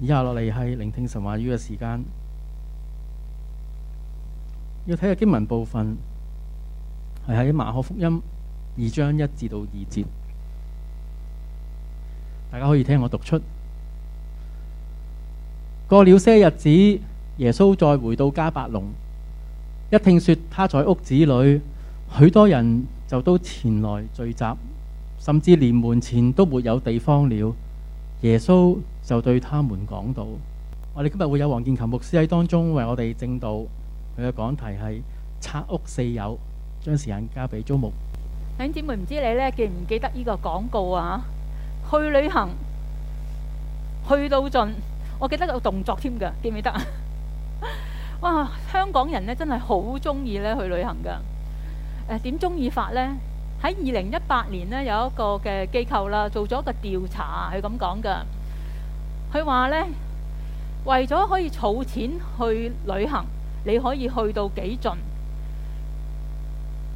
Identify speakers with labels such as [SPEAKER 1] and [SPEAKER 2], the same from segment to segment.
[SPEAKER 1] 以下落嚟係聆聽神話語嘅時間，要睇下經文部分係喺馬可福音二章一至到二節，大家可以聽我讀出。過了些日子，耶穌再回到迦百農，一聽說他在屋子裏，許多人就都前來聚集，甚至連門前都沒有地方了。耶穌就對他們講到：我哋今日會有黃建琴牧師喺當中為我哋正道，佢嘅講題係拆屋四友，將時間交俾租牧。弟兄姊妹，唔知你咧記唔記得呢個廣告啊？去旅行去到盡，我記得個動作添㗎，記唔記得啊？哇！香港人咧真係好中意咧去旅行㗎。誒，點中意法咧？喺二零一八年咧有一個嘅機構啦，做咗個調查，佢咁講㗎。佢話呢，為咗可以儲錢去旅行，你可以去到幾盡？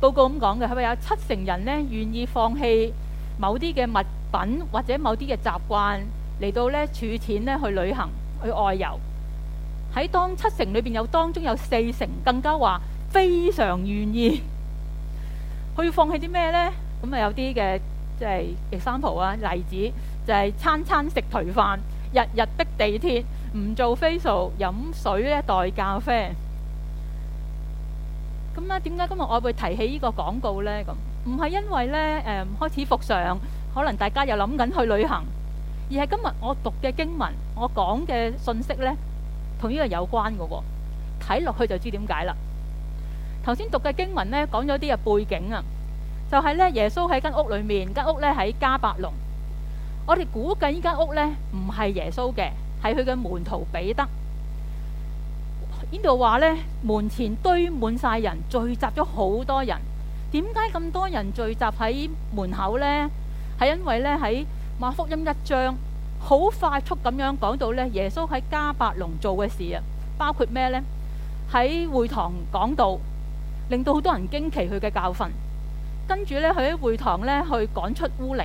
[SPEAKER 1] 報告咁講嘅，係咪有七成人呢？願意放棄某啲嘅物品或者某啲嘅習慣嚟到呢儲錢呢去旅行去外遊？喺當七成裏邊有當中有四成更加話非常願意去放棄啲咩呢？咁啊，有啲嘅即係 example 啊，例子就係、是、餐餐食頹飯。日日逼地鐵，唔做 facial，飲水呢代咖啡。咁呢，點解今日我會提起呢個廣告呢？咁唔係因為呢，誒開始復常，可能大家又諗緊去旅行，而係今日我讀嘅經文，我講嘅信息呢，同呢個有關嘅。睇落去就知點解啦。頭先讀嘅經文呢，講咗啲嘅背景啊，就係呢耶穌喺間屋裏面，間屋呢喺迦百農。我哋估計呢間屋咧，唔係耶穌嘅，係佢嘅門徒彼得。呢度話咧，門前堆滿晒人，聚集咗好多人。點解咁多人聚集喺門口咧？係因為咧喺馬福音一章，好快速咁樣講到咧，耶穌喺迦百農做嘅事啊，包括咩咧？喺會堂講道，令到好多人驚奇佢嘅教訓。跟住咧，佢喺會堂咧去趕出污靈。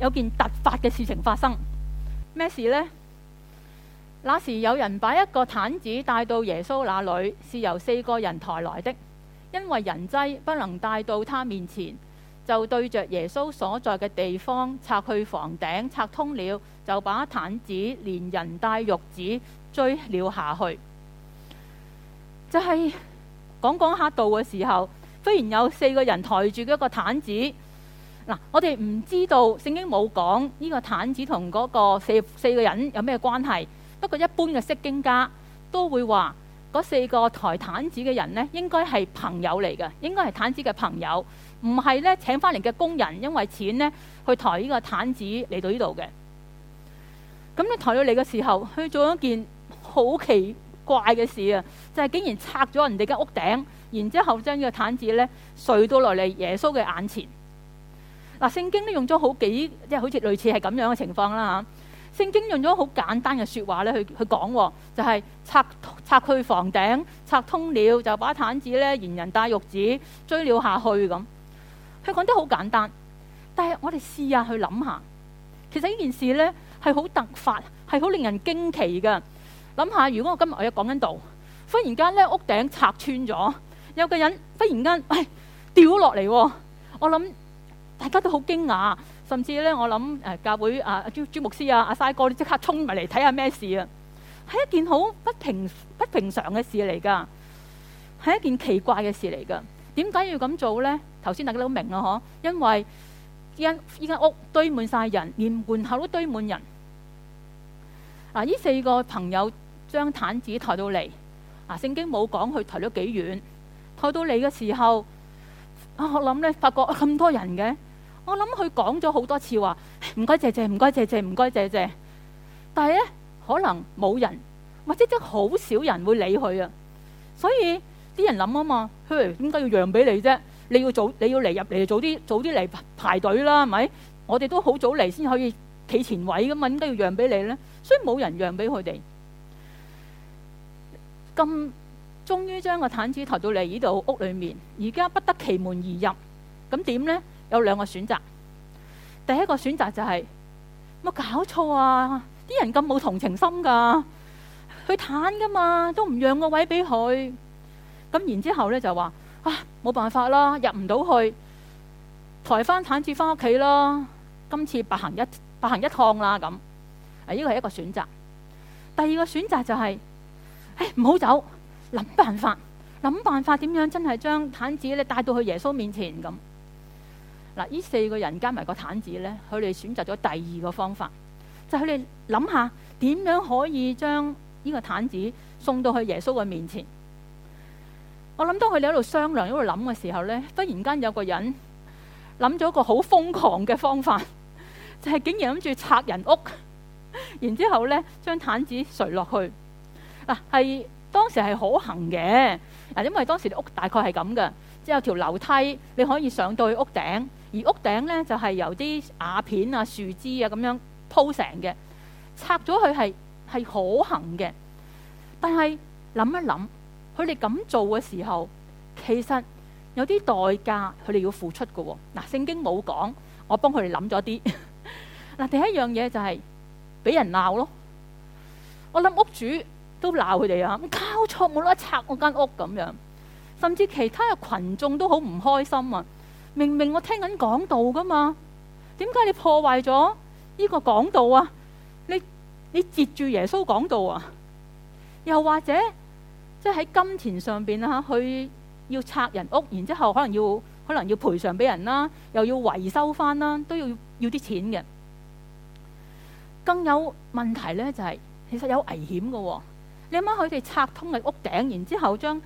[SPEAKER 1] 有件突發嘅事情發生，咩事呢？那時有人把一個癱子帶到耶穌那裏，是由四個人抬來的，因為人擠不能帶到他面前，就對着耶穌所在嘅地方拆去房頂，拆通了，就把癱子連人帶褥子縋了下去。就係、是、講講下道嘅時候，忽然有四個人抬住一個癱子。嗱，我哋唔知道聖經冇講呢個癱子同嗰個四四個人有咩關係。不過，一般嘅釋經家都會話嗰四個抬癱子嘅人呢，應該係朋友嚟嘅，應該係癱子嘅朋友，唔係呢請返嚟嘅工人，因為錢呢去抬呢個癱子嚟到呢度嘅。咁你抬到嚟嘅時候，佢做一件好奇怪嘅事啊，就係、是、竟然拆咗人哋嘅屋頂，然之後將呢個癱子呢垂到落嚟耶穌嘅眼前。嗱，聖經都用咗好幾即係好似類似係咁樣嘅情況啦嚇、啊。聖經用咗好簡單嘅說話咧去去講，就係、是、拆拆佢房頂，拆通了就把毯子咧連人帶褥子追了下去咁。佢講得好簡單，但係我哋試下去諗下，其實呢件事咧係好突發，係好令人驚奇嘅。諗下如果我今日我有講緊度，忽然間咧屋頂拆穿咗，有個人忽然間喂、哎、掉落嚟，我諗。大家都好驚訝，甚至咧，我諗誒教會啊，阿朱，朱牧師啊，阿曬哥都即刻衝埋嚟睇下咩事啊！係一件好不平不平常嘅事嚟㗎，係一件奇怪嘅事嚟㗎。點解要咁做咧？頭先大家都明啊，嗬，因為依依間屋堆滿晒人，連門口都堆滿人。嗱、啊，依四個朋友將毯子抬到嚟，啊，聖經冇講佢抬咗幾遠，抬到嚟嘅時候，啊，我諗咧，發覺咁、啊、多人嘅。我諗佢講咗好多次話，唔該謝謝，唔該謝謝，唔該謝謝，但係呢，可能冇人或者即係好少人會理佢啊，所以啲人諗啊嘛，嘿，點解要讓俾你啫？你要早你要嚟，入嚟早啲早啲嚟排隊啦，係咪？我哋都好早嚟先可以企前位㗎嘛，點解要讓俾你呢？所以冇人讓俾佢哋。咁終於將個毯子，抬到嚟呢度屋裏面，而家不得其門而入，咁點呢？有兩個選擇，第一個選擇就係、是、乜搞錯啊！啲人咁冇同情心噶，佢癱噶嘛，都唔讓個位俾佢。咁然之後咧就話啊，冇、哎、辦法啦，入唔到去，抬翻癱子翻屋企咯。今次白行一白行一趟啦，咁啊，呢個係一個選擇。第二個選擇就係、是、誒、唔、哎、好走，諗辦法，諗辦法，點樣真係將癱子咧帶到去耶穌面前咁。嗱，呢四個人加埋個毯子呢，佢哋選擇咗第二個方法，就係佢哋諗下點樣可以將呢個毯子送到去耶穌嘅面前。我諗當佢哋喺度商量喺度諗嘅時候呢，忽然間有個人諗咗一個好瘋狂嘅方法，就係竟然諗住拆人屋，然之後呢將毯子垂落去。嗱，係當時係可行嘅，嗱，因為當時屋大概係咁嘅，即係有條樓梯，你可以上到去屋頂。而屋頂呢，就係、是、由啲瓦片啊、樹枝啊咁樣鋪成嘅，拆咗佢係係可行嘅。但係諗一諗，佢哋咁做嘅時候，其實有啲代價佢哋要付出㗎、哦。嗱、啊，聖經冇講，我幫佢哋諗咗啲。嗱、 啊，第一樣嘢就係、是、俾人鬧咯。我諗屋主都鬧佢哋啊，咁交錯冇得拆我間屋咁樣，甚至其他嘅群眾都好唔開心啊。明明我聽緊講道噶嘛，點解你破壞咗呢個講道啊？你你截住耶穌講道啊？又或者即係喺金錢上邊啊，去要拆人屋，然之後可能要可能要賠償俾人啦，又要維修翻啦，都要要啲錢嘅。更有問題呢，就係、是、其實有危險嘅、哦。你諗下，佢哋拆通嘅屋頂，然之後將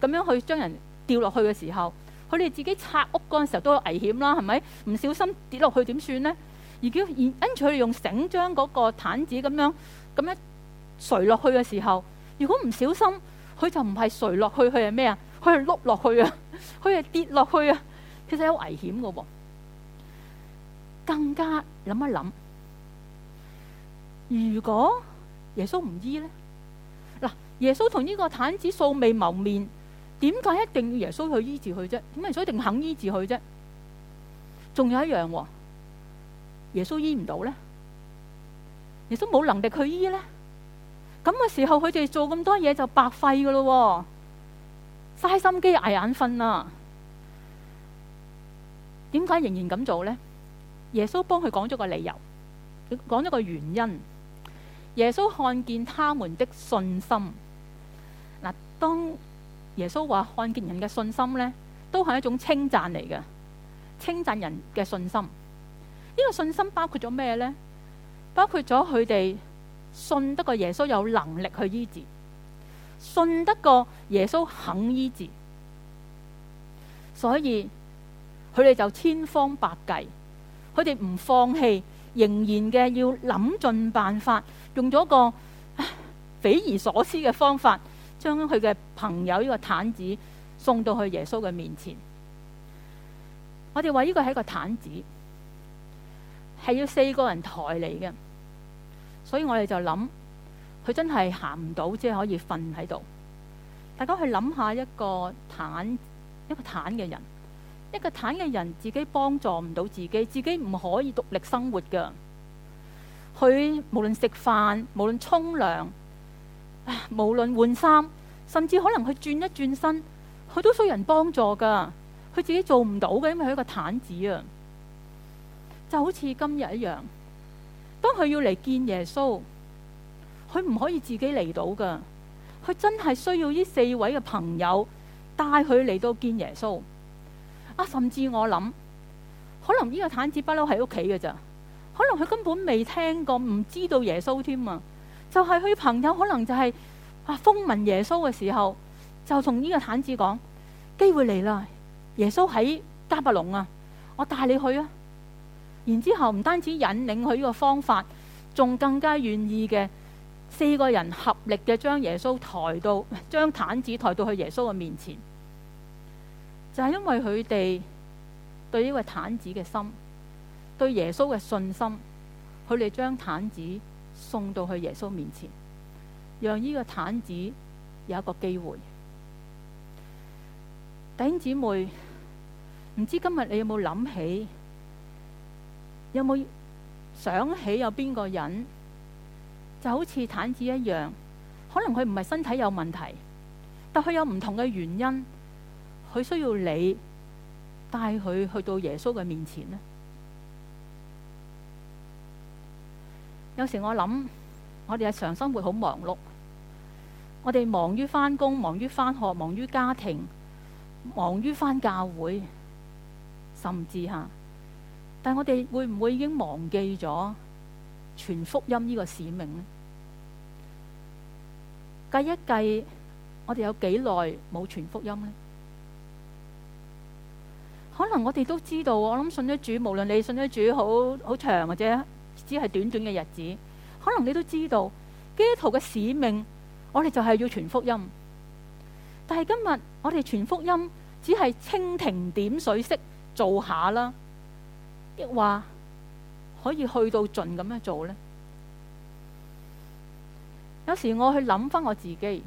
[SPEAKER 1] 咁樣去將人掉落去嘅時候。佢哋自己拆屋嗰陣時候都有危險啦，係咪？唔小心跌落去點算呢？而兼而跟住佢哋用繩將嗰個毯子咁樣咁樣垂落去嘅時候，如果唔小心，佢就唔係垂落去，佢係咩啊？佢係碌落去啊，佢係跌落去啊，其實有危險嘅喎。更加諗一諗，如果耶穌唔醫呢？嗱，耶穌同呢個毯子素未謀面。點解一定要耶穌去醫治佢啫？點解耶穌一定肯醫治佢啫？仲有一樣，耶穌醫唔到呢？耶穌冇能力去醫呢，咁嘅時候，佢哋做咁多嘢，就白費噶咯，嘥心機挨、啊、捱眼瞓啦。點解仍然咁做呢？耶穌幫佢講咗個理由，講咗個原因。耶穌看見他們的信心嗱，當。耶穌話看見人嘅信心呢，都係一種稱讚嚟嘅，稱讚人嘅信心。呢、這個信心包括咗咩呢？包括咗佢哋信得過耶穌有能力去醫治，信得過耶穌肯醫治。所以佢哋就千方百計，佢哋唔放棄，仍然嘅要諗盡辦法，用咗個匪夷所思嘅方法。將佢嘅朋友呢個癱子送到去耶穌嘅面前。我哋話呢個係一個癱子，係要四個人抬嚟嘅，所以我哋就諗，佢真係行唔到，即係可以瞓喺度。大家去諗下一個癱，一個癱嘅人，一個癱嘅人自己幫助唔到自己，自己唔可以獨立生活㗎。佢無論食飯，無論沖涼。無論換衫，甚至可能佢轉一轉身，佢都需要人幫助噶，佢自己做唔到嘅，因為佢一個癱子啊，就好似今日一樣，當佢要嚟見耶穌，佢唔可以自己嚟到噶，佢真係需要呢四位嘅朋友帶佢嚟到見耶穌。啊，甚至我諗，可能呢個癱子不嬲喺屋企嘅咋，可能佢根本未聽過，唔知道耶穌添啊。就係佢朋友可能就係啊，風聞耶穌嘅時候，就同呢個毯子講，機會嚟啦！耶穌喺加伯隆啊，我帶你去啊！然之後唔單止引領佢呢個方法，仲更加願意嘅四個人合力嘅將耶穌抬到，將毯子抬到去耶穌嘅面前。就係、是、因為佢哋對呢個毯子嘅心，對耶穌嘅信心，佢哋將毯子，送到去耶穌面前，讓呢個毯子有一個機會。弟兄姊妹，唔知今日你有冇諗起，有冇想起有邊個人就好似毯子一樣？可能佢唔係身體有問題，但佢有唔同嘅原因，佢需要你，帶佢去到耶穌嘅面前呢。有時我諗，我哋日常生活好忙碌，我哋忙於返工，忙於返學，忙於家庭，忙於返教會，甚至嚇。但我哋會唔會已經忘記咗傳福音呢個使命呢？計一計，我哋有幾耐冇傳福音呢？可能我哋都知道，我諗信咗主，無論你信咗主好好長或者，只係短短嘅日子，可能你都知道基督徒嘅使命，我哋就係要傳福音。但係今日我哋傳福音，只係蜻蜓點水式做下啦，抑或可以去到盡咁樣做呢？有時我去諗返我自己，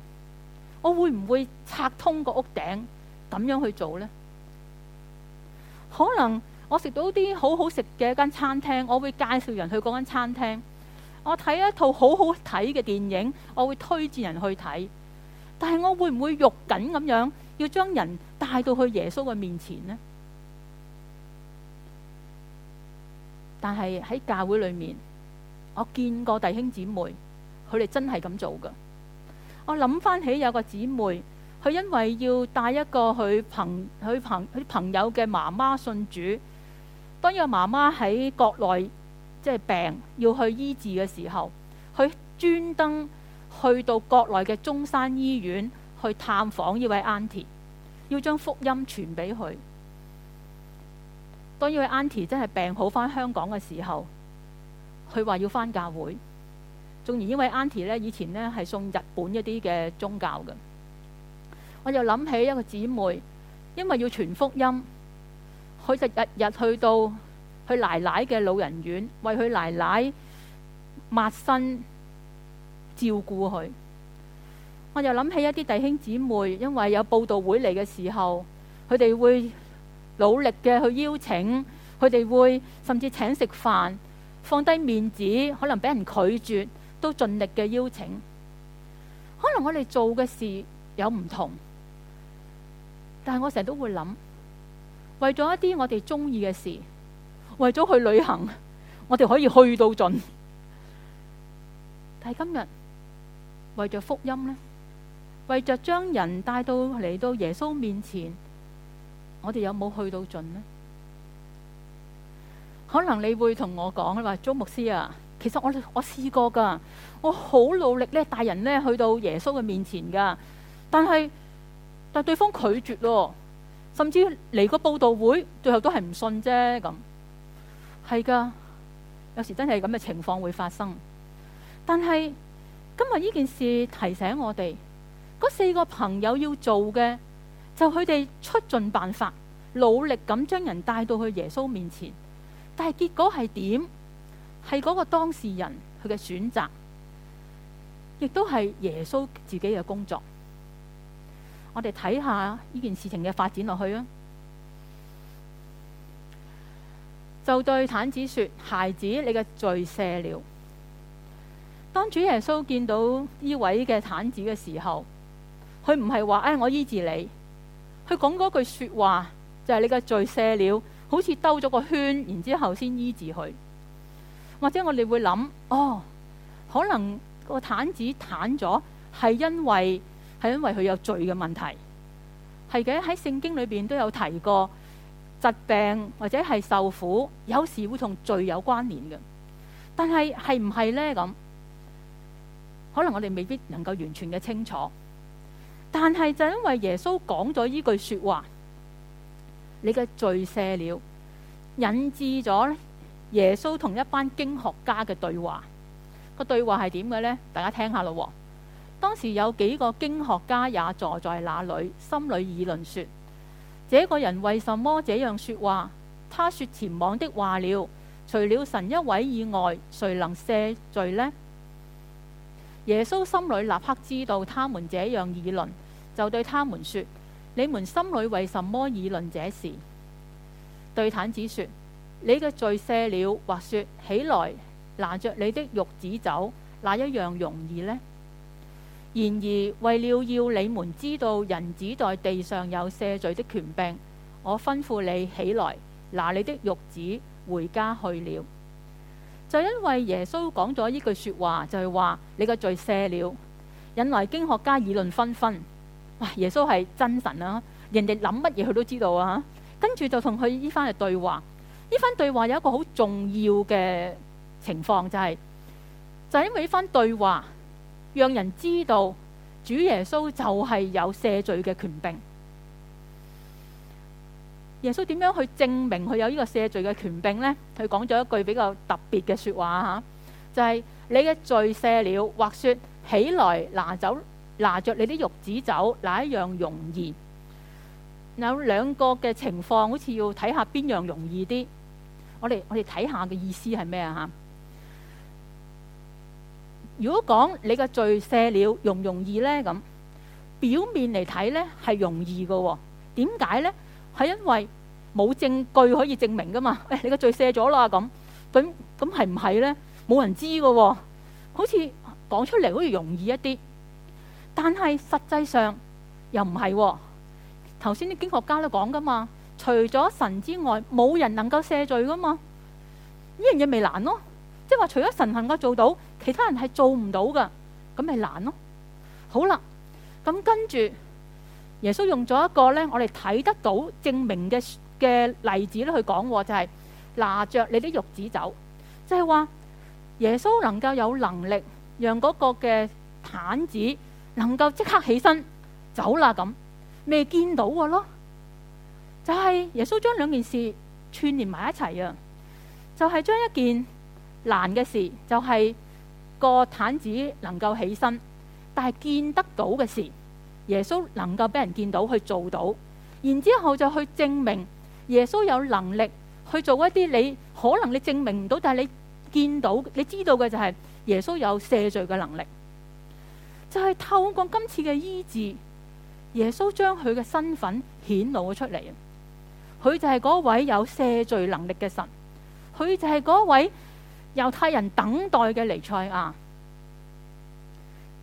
[SPEAKER 1] 我會唔會拆通個屋頂咁樣去做呢？可能。我食到啲好好食嘅一間餐廳，我會介紹人去嗰間餐廳。我睇一套好好睇嘅電影，我會推薦人去睇。但係我會唔會肉緊咁樣要將人帶到去耶穌嘅面前呢？但係喺教會裏面，我見過弟兄姊妹，佢哋真係咁做㗎。我諗返起有個姊妹，佢因為要帶一個佢朋佢朋佢朋友嘅媽媽信主。當呢個媽媽喺國內即係病要去醫治嘅時候，佢專登去到國內嘅中山醫院去探訪呢位阿姨，要將福音傳俾佢。當呢位阿姨真係病好返香港嘅時候，佢話要返教會。縱然呢位阿姨呢，以前呢係送日本一啲嘅宗教嘅。我又諗起一個姊妹，因為要傳福音。佢就日日去到佢奶奶嘅老人院，為佢奶奶抹身、照顧佢。我又諗起一啲弟兄姊妹，因為有佈道會嚟嘅時候，佢哋會努力嘅去邀請，佢哋會甚至請食飯，放低面子，可能俾人拒絕都盡力嘅邀請。可能我哋做嘅事有唔同，但係我成日都會諗。為咗一啲我哋中意嘅事，為咗去旅行，我哋可以去到盡。但係今日為着福音咧，為着將人帶到嚟到耶穌面前，我哋有冇去到盡呢？可能你會同我講咧，話周牧師啊，其實我我試過噶，我好努力咧，帶人咧去到耶穌嘅面前噶，但係但係對方拒絕咯。甚至嚟個報道會，最後都係唔信啫咁，係噶，有時真係咁嘅情況會發生。但係今日呢件事提醒我哋，嗰四個朋友要做嘅，就佢哋出盡辦法，努力咁將人帶到去耶穌面前。但係結果係點？係嗰個當事人佢嘅選擇，亦都係耶穌自己嘅工作。我哋睇下呢件事情嘅發展落去啊！就對癱子說：孩子，你嘅罪赦了。當主耶穌見到呢位嘅癱子嘅時候，佢唔係話：唉、哎，我醫治你。佢講嗰句説話就係、是：你嘅罪赦了，好似兜咗個圈，然之後先醫治佢。或者我哋會諗：哦，可能個癱子癱咗，係因為。係因為佢有罪嘅問題，係嘅喺聖經裏邊都有提過，疾病或者係受苦，有時會同罪有關聯嘅。但係係唔係呢？咁，可能我哋未必能夠完全嘅清楚。但係就因為耶穌講咗呢句說話，你嘅罪赦了，引致咗耶穌同一班經學家嘅對話。個對話係點嘅呢？大家聽下咯。當時有幾個經學家也坐在那裏，心裏議論說：這個人為什麼這樣說話？他說：“僭妄的話了，除了神一位以外，誰能赦罪呢？”耶穌心裏立刻知道他們這樣議論，就對他們說：你們心裏為什麼議論這事？對癱子說：你嘅罪赦了，或說起來拿着你的褥子走，哪一樣容易呢？然而，為了要你們知道人子在地上有赦罪的權柄，我吩咐你起來，拿你的褥子回家去了。就是、因為耶穌講咗呢句說話，就係、是、話你個罪赦了，引來經學家議論紛紛。哇！耶穌係真神啊，人哋諗乜嘢佢都知道啊。跟住就同佢呢番對話，呢番對話有一個好重要嘅情況，就係、是、就是因為呢番對話。讓人知道主耶穌就係有赦罪嘅權柄。耶穌點樣去證明佢有呢個赦罪嘅權柄呢？佢講咗一句比較特別嘅說話吓，就係、是、你嘅罪赦了，或說起來拿走拿着你啲褥子走，哪一樣容易？有兩個嘅情況，好似要睇下邊樣容易啲。我哋我哋睇下嘅意思係咩啊？如果講你個罪赦了，容唔容易呢？咁表面嚟睇呢，係容易嘅、喎，點解呢？係因為冇證據可以證明噶嘛。誒、哎，你個罪赦咗啦，咁咁咁係唔係呢？冇人知嘅喎、喎，好似講出嚟好似容易一啲，但係實際上又唔係、喎。頭先啲經學家都講噶嘛，除咗神之外，冇人能夠赦罪噶嘛。呢樣嘢咪難咯，即係話除咗神能夠做到。其他人係做唔到噶，咁咪難咯。好啦，咁跟住耶穌用咗一個咧，我哋睇得到證明嘅嘅例子咧，去講就係拿著你啲褥子走，就係話耶穌能夠有能力讓嗰個嘅癱子能夠即刻起身走啦，咁未見到㗎咯？就係耶穌將兩件事串聯埋一齊啊，就係將一件難嘅事就係。個毯子能夠起身，但係見得到嘅事，耶穌能夠俾人見到去做到，然之後就去證明耶穌有能力去做一啲你可能你證明唔到，但係你見到你知道嘅就係耶穌有赦罪嘅能力，就係透過今次嘅醫治，耶穌將佢嘅身份顯露咗出嚟，佢就係嗰位有赦罪能力嘅神，佢就係嗰位。猶太人等待嘅彌賽亞，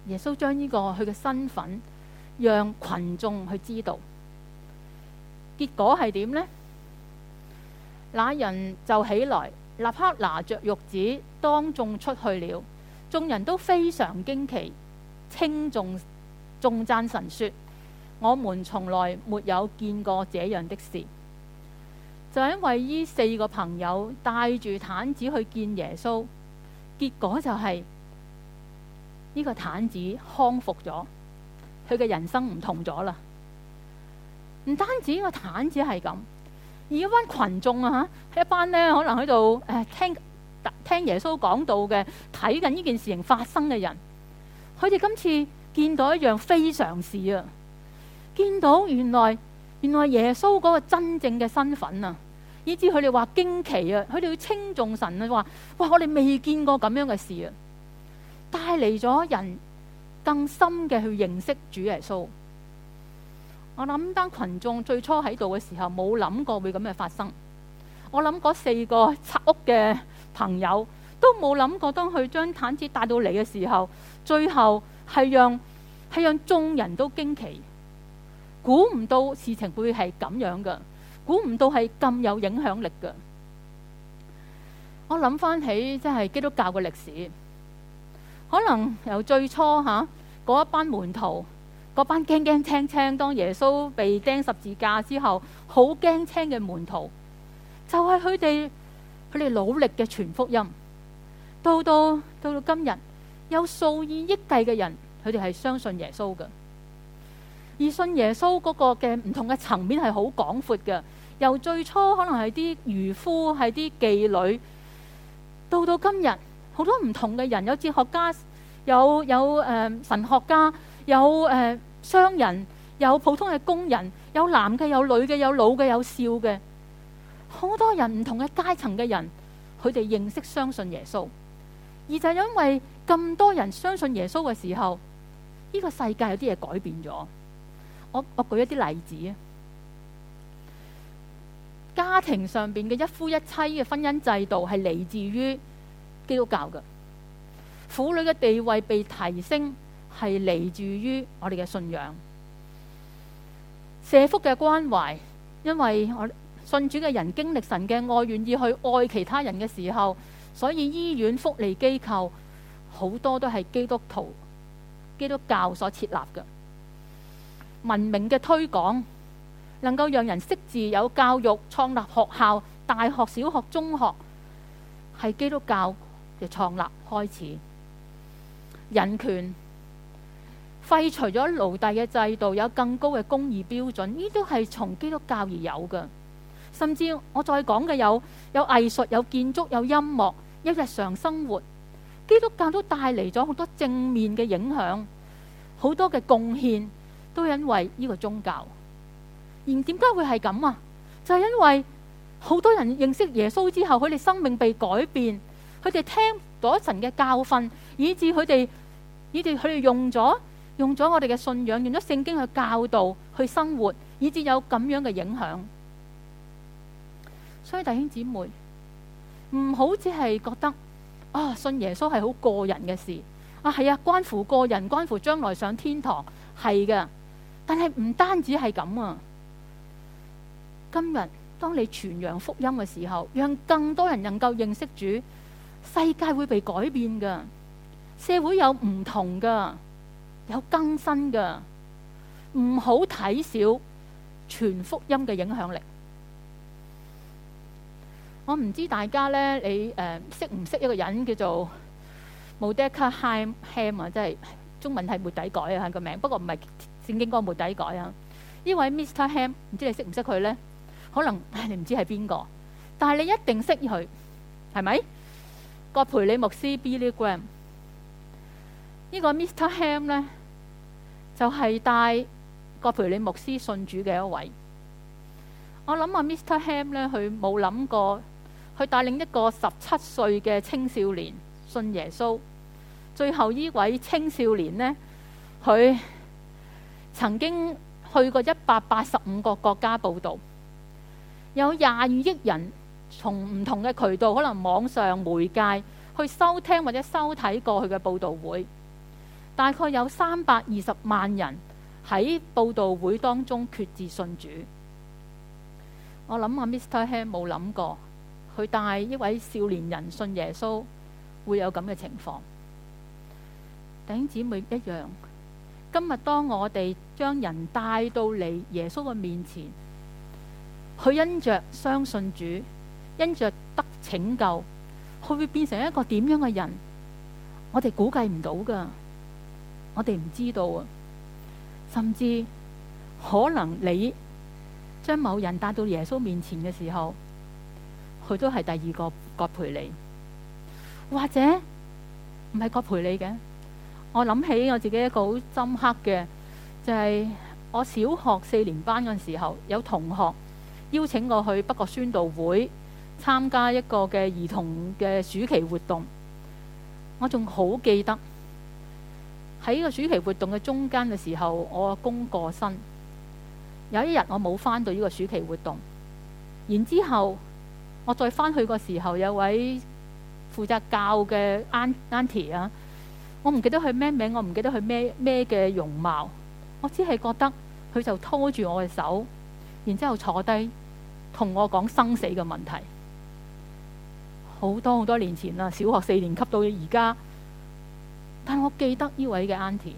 [SPEAKER 1] 耶穌將呢、這個佢嘅身份讓群眾去知道，結果係點呢？那人就起來，立刻拿着褥子當眾出去了。眾人都非常驚奇，稱頌、頌讚神說：我們從來沒有見過這樣的事。就因為呢四個朋友帶住毯子去見耶穌，結果就係呢個毯子康復咗，佢嘅人生唔同咗啦。唔單止呢個毯子係咁，而一班群眾啊吓，一班呢可能喺度誒聽聽耶穌講到嘅，睇緊呢件事情發生嘅人，佢哋今次見到一樣非常事啊，見到原來。原來耶穌嗰個真正嘅身份啊，以至佢哋話驚奇啊，佢哋要稱頌神啊，話哇我哋未見過咁樣嘅事啊，帶嚟咗人更深嘅去認識主耶穌。我諗當群眾最初喺度嘅時候，冇諗過會咁嘅發生。我諗嗰四個拆屋嘅朋友都冇諗過，當佢將毯子帶到嚟嘅時候，最後係讓係讓眾人都驚奇。估唔到事情會係咁樣嘅，估唔到係咁有影響力嘅。我諗翻起即係基督教嘅歷史，可能由最初嚇嗰一班門徒，嗰班驚驚青青，當耶穌被釘十字架之後，好驚青嘅門徒，就係佢哋佢哋努力嘅傳福音，到到到到今日有數以億計嘅人，佢哋係相信耶穌嘅。而信耶穌嗰個嘅唔同嘅層面係好廣闊嘅，由最初可能係啲漁夫，係啲妓女，到到今日好多唔同嘅人，有哲學家，有有誒、呃、神學家，有誒、呃、商人，有普通嘅工人，有男嘅，有女嘅，有老嘅，有少嘅，好多人唔同嘅階層嘅人，佢哋認識相信耶穌。而就係因為咁多人相信耶穌嘅時候，呢個世界有啲嘢改變咗。我我舉一啲例子啊，家庭上邊嘅一夫一妻嘅婚姻制度係嚟自於基督教嘅，婦女嘅地位被提升係嚟自於我哋嘅信仰，社福嘅關懷，因為我信主嘅人經歷神嘅愛，願意去愛其他人嘅時候，所以醫院福利機構好多都係基督徒基督教所設立嘅。文明嘅推廣能夠讓人識字、有教育、創立學校、大學、小學、中學，係基督教嘅創立開始。人權廢除咗奴隸嘅制度，有更高嘅公義標準，呢都係從基督教而有嘅。甚至我再講嘅有有藝術、有建築、有音樂、有日常生活，基督教都帶嚟咗好多正面嘅影響，好多嘅貢獻。都因為呢個宗教，而點解會係咁啊？就係因為好多人認識耶穌之後，佢哋生命被改變，佢哋聽咗神嘅教訓，以致佢哋，以致佢哋用咗用咗我哋嘅信仰，用咗聖經去教導、去生活，以致有咁樣嘅影響。所以弟兄姊妹唔好只係覺得啊，信耶穌係好個人嘅事啊，係啊，關乎個人，關乎將來上天堂，係嘅。但係唔單止係咁啊！今日當你傳揚福音嘅時候，讓更多人能夠認識主，世界會被改變㗎。社會有唔同㗎，有更新㗎，唔好睇小傳福音嘅影響力。我唔知大家呢，你誒識唔識一個人叫做 Mudekehem Hem 啊？即係中文係沒底改啊、那個名，不過唔係。聖經嗰個墓底改啊，呢位 Mr. Ham 唔知你識唔識佢咧？可能你唔知係邊個，但係你一定識佢係咪？葛培理牧師 Billy Graham 呢個 Mr. Ham 咧，就係帶葛培理牧師信主嘅一位。我諗啊，Mr. Ham 咧，佢冇諗過去帶領一個十七歲嘅青少年信耶穌，最後呢位青少年咧，佢。曾經去過一百八十五個國家報導，有廿二億人從唔同嘅渠道，可能網上媒介去收聽或者收睇過佢嘅報導會，大概有三百二十萬人喺報導會當中決志信主。我諗阿 Mr. Ham 冇諗過，佢帶一位少年人信耶穌會有咁嘅情況。弟兄姊妹一樣。今日當我哋將人帶到嚟，耶穌嘅面前，佢因着相信主，因着得拯救，佢會變成一個點樣嘅人？我哋估計唔到噶，我哋唔知道啊！甚至可能你將某人帶到耶穌面前嘅時候，佢都係第二個葛培理，或者唔係葛培理嘅。我諗起我自己一個好深刻嘅，就係、是、我小學四年班嗰陣時候，有同學邀請我去北角宣道會參加一個嘅兒童嘅暑期活動。我仲好記得喺個暑期活動嘅中間嘅時候，我公過身。有一日我冇翻到呢個暑期活動，然之後我再翻去嘅時候，有位負責教嘅 Auntie 啊。我唔記得佢咩名，我唔記得佢咩咩嘅容貌，我只係覺得佢就拖住我嘅手，然之後坐低同我講生死嘅問題。好多好多年前啦，小學四年級到而家，但我記得呢位嘅 Auntie。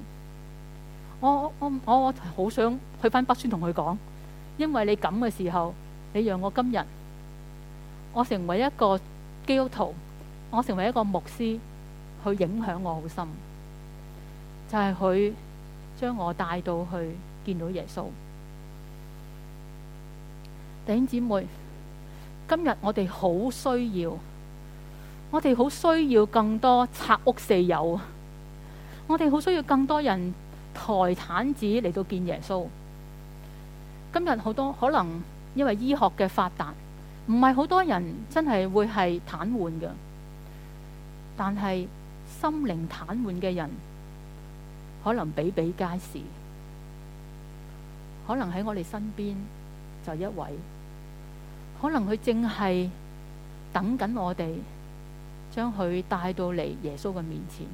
[SPEAKER 1] 我我我我我好想去翻北川同佢講，因為你咁嘅時候，你讓我今日我成為一個基督徒，我成為一個牧師。佢影響我好深，就係佢將我帶到去見到耶穌。弟兄姊妹，今日我哋好需要，我哋好需要更多拆屋四友，我哋好需要更多人抬毯子嚟到見耶穌。今日好多可能因為醫學嘅發達，唔係好多人真係會係癱瘓嘅，但係，心靈癱瘓嘅人，可能比比皆是，可能喺我哋身邊就一位，可能佢正係等緊我哋，將佢帶到嚟耶穌嘅面前，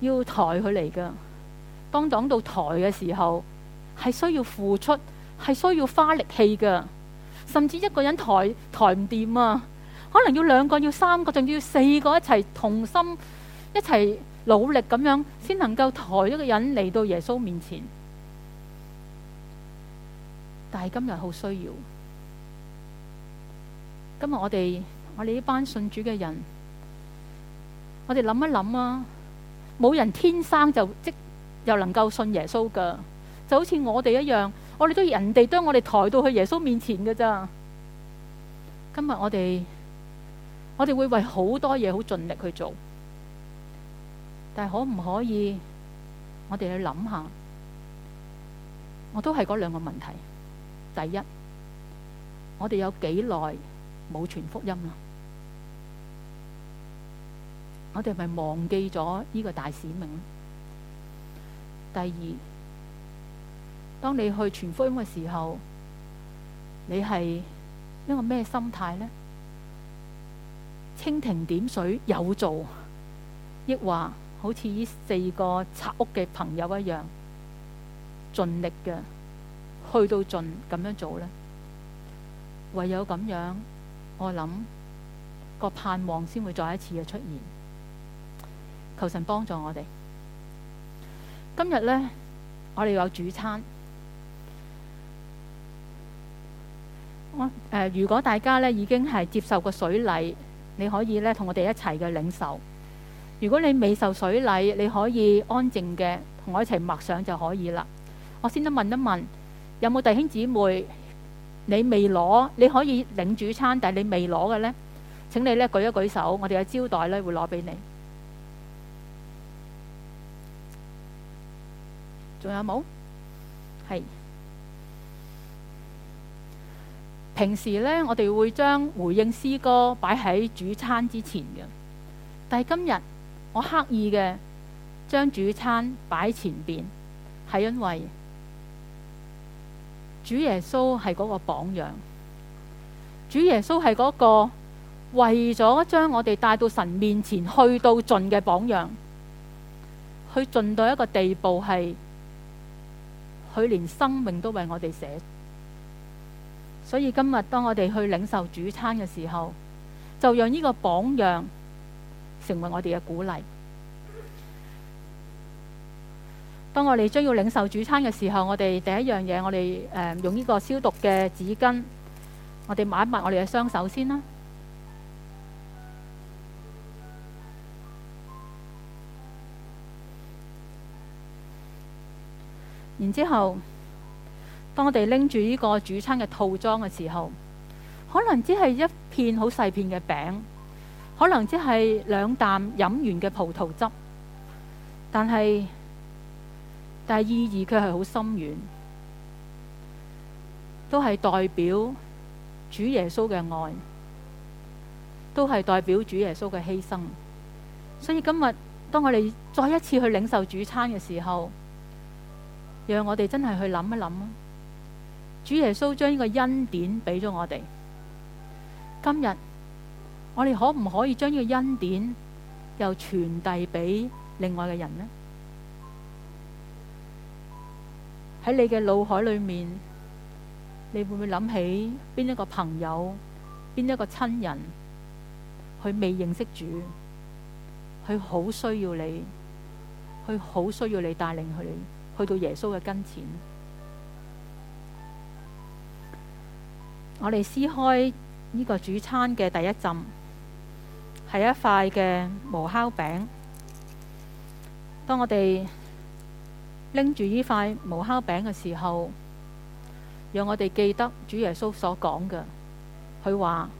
[SPEAKER 1] 要抬佢嚟㗎。當講到抬嘅時候，係需要付出，係需要花力氣嘅，甚至一個人抬抬唔掂啊！可能要兩個，要三個，仲要四個一齊同心一齊努力咁樣，先能夠抬一個人嚟到耶穌面前。但係今日好需要，今日我哋我哋呢班信主嘅人，我哋諗一諗啊，冇人天生就即又能夠信耶穌噶，就好似我哋一樣，我哋都要人哋將我哋抬到去耶穌面前㗎咋。今日我哋。我哋會為好多嘢好盡力去做，但係可唔可以？我哋去諗下，我都係嗰兩個問題。第一，我哋有幾耐冇傳福音啦？我哋咪忘記咗呢個大使命？第二，當你去傳福音嘅時候，你係一個咩心態呢？蜻蜓點水有做，抑或好似呢四個拆屋嘅朋友一樣，盡力嘅去到盡咁樣做呢？唯有咁樣，我諗個盼望先會再一次嘅出現。求神幫助我哋。今日呢，我哋有主餐。我誒，如果大家呢已經係接受過水禮，你可以呢同我哋一齊嘅領受。如果你未受水禮，你可以安靜嘅同我一齊默想就可以啦。我先得問一問，有冇弟兄姊妹你未攞？你可以領主餐，但係你未攞嘅呢？請你呢舉一舉手，我哋嘅招待呢會攞俾你。仲有冇？係。平時呢，我哋會將回應詩歌擺喺主餐之前嘅。但係今日我刻意嘅將主餐擺前邊，係因為主耶穌係嗰個榜樣，主耶穌係嗰個為咗將我哋帶到神面前去到盡嘅榜樣，佢盡到一個地步係，佢連生命都為我哋捨。所以今日當我哋去領受主餐嘅時候，就讓呢個榜樣成為我哋嘅鼓勵。當我哋將要領受主餐嘅時候，我哋第一樣嘢，我哋誒、呃、用呢個消毒嘅紙巾，我哋抹一抹我哋嘅雙手先啦。然之後。當我哋拎住呢個主餐嘅套裝嘅時候，可能只係一片好細片嘅餅，可能只係兩啖飲完嘅葡萄汁，但係但係意義卻係好深遠，都係代表主耶穌嘅愛，都係代表主耶穌嘅犧牲。所以今日當我哋再一次去領受主餐嘅時候，讓我哋真係去諗一諗啊。主耶穌將呢個恩典俾咗我哋，今日我哋可唔可以將呢個恩典又傳遞俾另外嘅人呢？喺你嘅腦海裏面，你會唔會諗起邊一個朋友、邊一個親人，佢未認識主，佢好需要你，佢好需要你帶領佢去到耶穌嘅跟前？我哋撕開呢個主餐嘅第一針，係一塊嘅無酵餅。當我哋拎住呢塊無酵餅嘅時候，讓我哋記得主耶穌所講嘅，佢話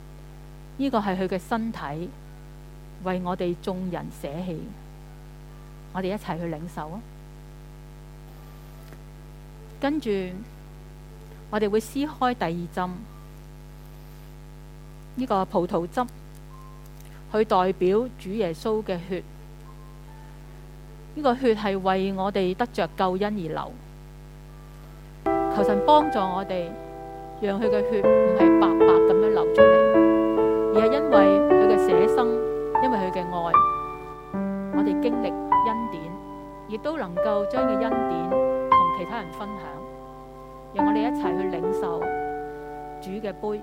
[SPEAKER 1] 呢個係佢嘅身體，為我哋眾人捨棄。我哋一齊去領受啊！跟住我哋會撕開第二針。呢個葡萄汁，去代表主耶穌嘅血。呢個血係為我哋得着救恩而流。求神幫助我哋，讓佢嘅血唔係白白咁樣流出嚟，而係因為佢嘅捨生，因為佢嘅愛。我哋經歷恩典，亦都能夠將佢嘅恩典同其他人分享，讓我哋一齊去領受主嘅杯。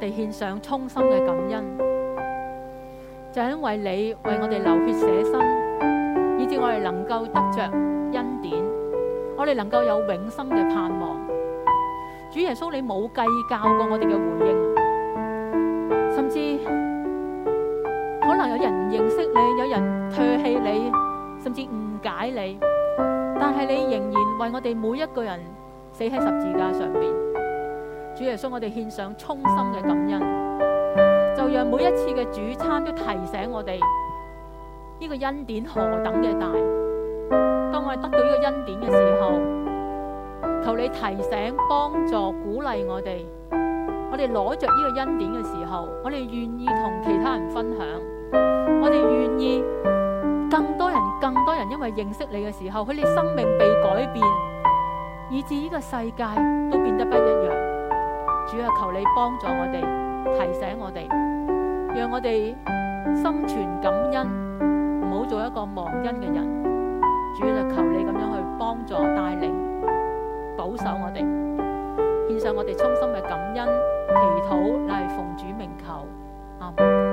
[SPEAKER 1] 我哋獻上衷心嘅感恩，就係因為你為我哋流血捨身，以致我哋能夠得着恩典，我哋能夠有永生嘅盼望。主耶穌，你冇計較過我哋嘅回應，甚至可能有人唔認識你，有人唾棄你，甚至誤解你，但係你仍然為我哋每一個人死喺十字架上邊。主耶穌，我哋獻上衷心嘅感恩，就讓每一次嘅主餐都提醒我哋呢個恩典何等嘅大。當我哋得到呢個恩典嘅時候，求你提醒、幫助、鼓勵我哋。我哋攞着呢個恩典嘅時候，我哋願意同其他人分享。我哋願意更多人、更多人，因為認識你嘅時候，佢哋生命被改變，以至呢個世界都變得不一樣。主要求你幫助我哋，提醒我哋，讓我哋心存感恩，唔好做一個忘恩嘅人。主啊，求你咁樣去幫助、帶領、保守我哋，獻上我哋衷心嘅感恩祈禱，嚟奉主名求啊！